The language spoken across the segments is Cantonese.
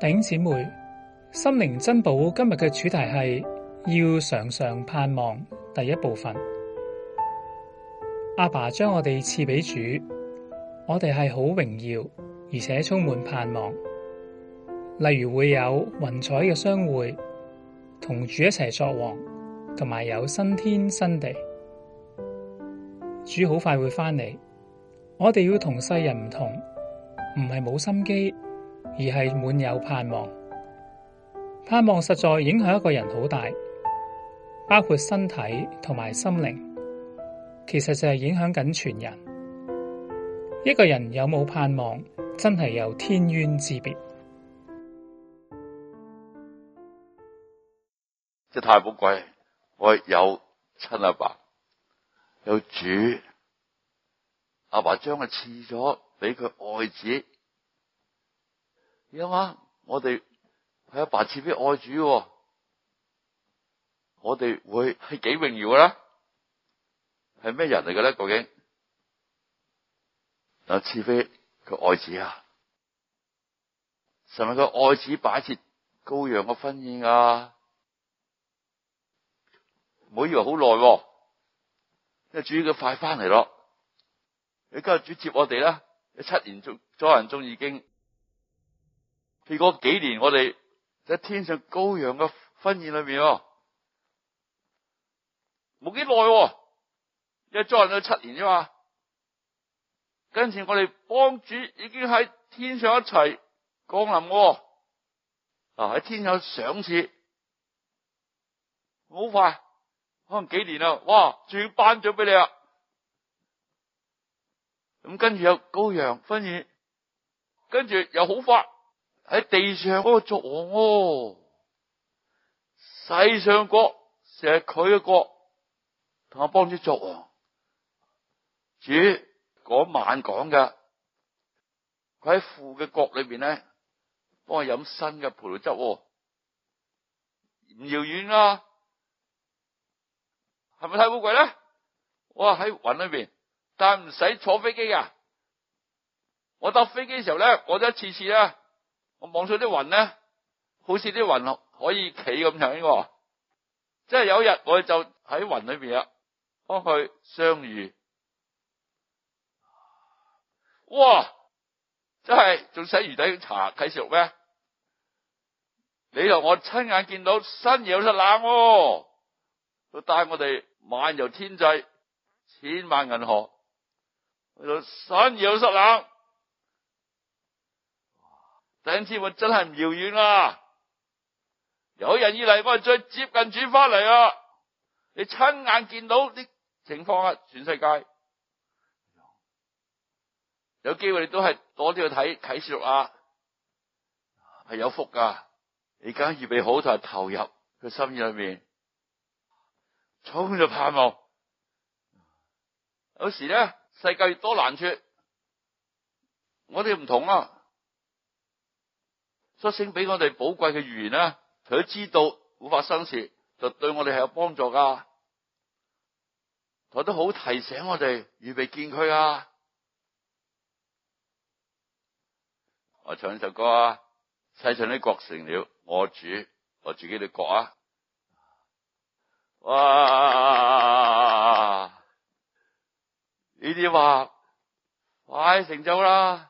弟兄姊妹，心靈珍寶今日嘅主題係要常常盼望。第一部分，阿爸，爸將我哋賜畀主，我哋係好榮耀，而且充滿盼望。例如會有雲彩嘅相會，同主一齊作王，同埋有新天新地。主好快會返嚟，我哋要同世人唔同，唔係冇心機。而係滿有盼望，盼望實在影響一個人好大，包括身體同埋心靈，其實就係影響緊全人。一個人有冇盼望，真係由天淵之別。即太寶貴，我有親阿爸，爸，有主，阿爸將佢賜咗俾佢愛子。你諗下，我哋係阿爸賜俾愛子，我哋會係幾榮耀嘅咧？係咩人嚟嘅咧？究竟嗱，賜俾佢愛子啊？係咪佢愛子擺設羔羊嘅婚宴啊？唔好、啊、以為好耐、啊，因為主佢快翻嚟咯，你今日主接我哋啦，你七年中、三年中人已經。喺嗰幾年，我哋喺天上羔羊嘅婚宴裏面，冇幾耐，一再咗七年啫嘛。跟住我哋幫主已經喺天上一齊降臨喎，嗱喺天上賞賜，好快，可能幾年啦，哇，仲要頒獎俾你啊！咁跟住有羔羊婚宴，跟住又好快。喺地上嗰個作王哦，世上的國成日佢嘅國，同我幫住作王。主嗰晚講嘅，佢喺父嘅國裏邊呢，幫我飲新嘅葡萄汁，哦，唔遙遠啊，係咪太烏貴咧？哇，喺雲裏邊，但係唔使坐飛機噶，我搭飛機嘅時候咧，我都一次次啦。我望到啲雲呢，好似啲雲可以企咁樣呢個，即係有一日我就喺雲裏邊啊，幫佢相遇。哇！真係仲使魚仔茶啟食咩？你同我親眼見到新月失濕冷哦，佢帶我哋漫遊天際，千萬銀河，佢就新月失濕冷。第一次我真係唔遙遠啦，有人以嚟，我係接近轉翻嚟啊！你親眼見到啲情況啊，全世界有機會你都係攞啲去睇睇啟示錄，係有福㗎！你而家預備好就係投入佢心裏面，充滿着盼望。有時呢，世界越多難處，我哋唔同啊！所賜俾我哋寶貴嘅預言咧，佢都知道會發生事，就對我哋係有幫助噶。佢都好提醒我哋預備見佢啊！我唱一首歌啊，世上啲國成了，我主，和主基督嘅國啊！哇！呢啲話快成就啦！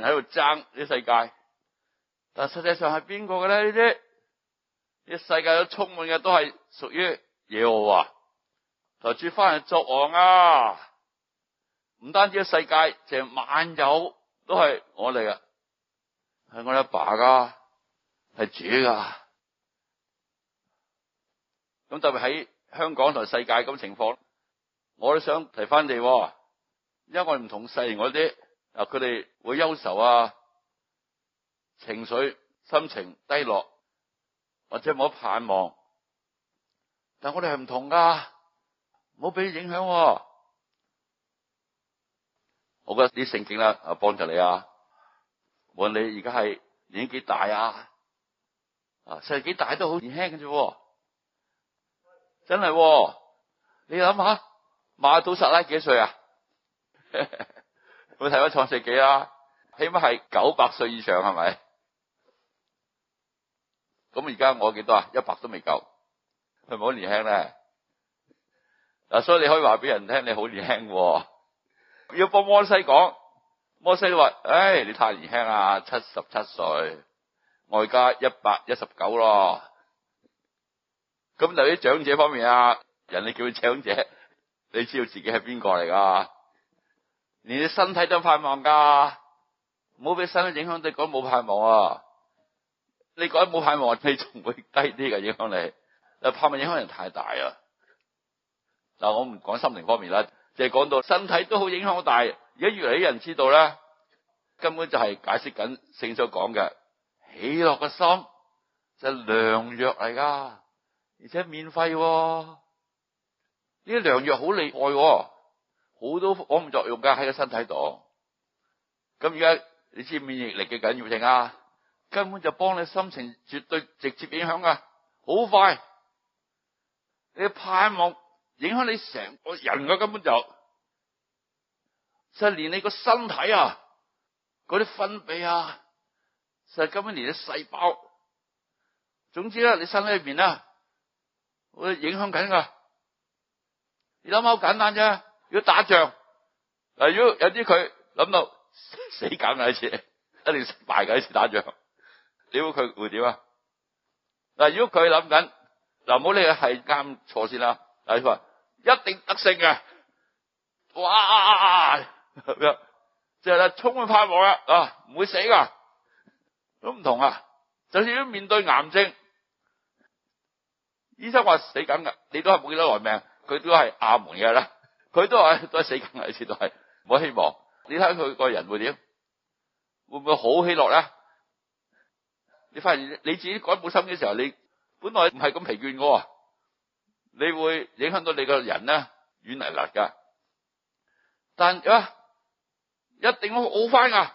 喺度爭呢世界，但實際上係邊個嘅咧？呢啲呢世界都充滿嘅都係屬於耶和華啊，就住翻嚟作王啊！唔單止係世界，淨係萬有都係我嚟嘅，係我阿爸噶，係主噶。咁特別喺香港同世界咁情況，我都想提翻你因為我唔同細我啲。嗱，佢哋會憂愁啊，情緒、心情低落，或者冇得盼望。但我哋係唔同噶，唔好俾影響，啊。我覺得啲聖經啦，啊，幫助你啊。問你而家係年紀幾大啊？多大都很年輕啊，歲幾大都好年輕嘅啫，真係、啊。你諗下，馬到撒拉啦，幾歲啊？ 佢睇咗創世紀啊，起碼係九百歲以上係咪？咁而家我幾多啊？一百都未夠，係咪好年輕咧？所以你可以話俾人聽，你好年輕喎。要幫摩西講，摩西話，唉、哎，你太年輕啊，七十七歲，外加一百一十九咯。咁由於長者方面啊，人哋叫佢長者，你知道自己係邊個嚟㗎？連你身體都盼望噶唔好俾身體影響你講冇盼望啊！你講冇盼望，你仲會低啲嘅影響你。誒，怕咪影響人太大啊！嗱，我唔講心情方面啦，就係、是、講到身體都好影響好大。而家越嚟啲人知道咧，根本就係解釋緊聖所講嘅喜樂嘅心，就係、良藥嚟噶，而且免費、啊，呢啲良藥好厲害、啊。好多副作用噶，喺個身體度，咁而家你知免疫力嘅緊要性啊，根本就幫你心情絕對直接影響噶，好快你盼望影響你成個人噶根本就，就連你個身體啊，嗰啲分泌啊，就係根本連啲細胞，總之咧你身體入面咧，會影響緊噶，你諗下好簡單啫。要打仗嗱，如果有啲佢諗到死梗嘅事，一定失敗嘅呢次打仗，你估佢會點啊？嗱，如果佢諗緊嗱，唔好呢個係啱錯先啦。嗱，佢話一定得勝嘅，哇！咁樣就係啦，充滿盼望啦，啊，唔會死噶，都唔同啊。就算要面對癌症，醫生話死梗嘅，你都係冇幾多耐命，佢都係阿門嘅啦。佢都係都係死梗嘅，始終係冇希望。你睇下佢個人會點？會唔會好喜樂咧？你發現你自己改部心嘅時候，你本來唔係咁疲倦嘅，你會影響到你個人咧，軟泥泥噶。但啊，一定好翻噶。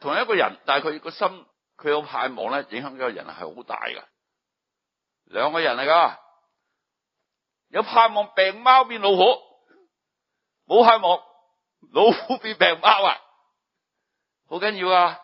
同一個人，但係佢個心，佢有盼望咧，影響到個人係好大噶。兩個人嚟噶，有盼望病貓變老虎。冇盼望，老虎變病貓啊！好緊要啊！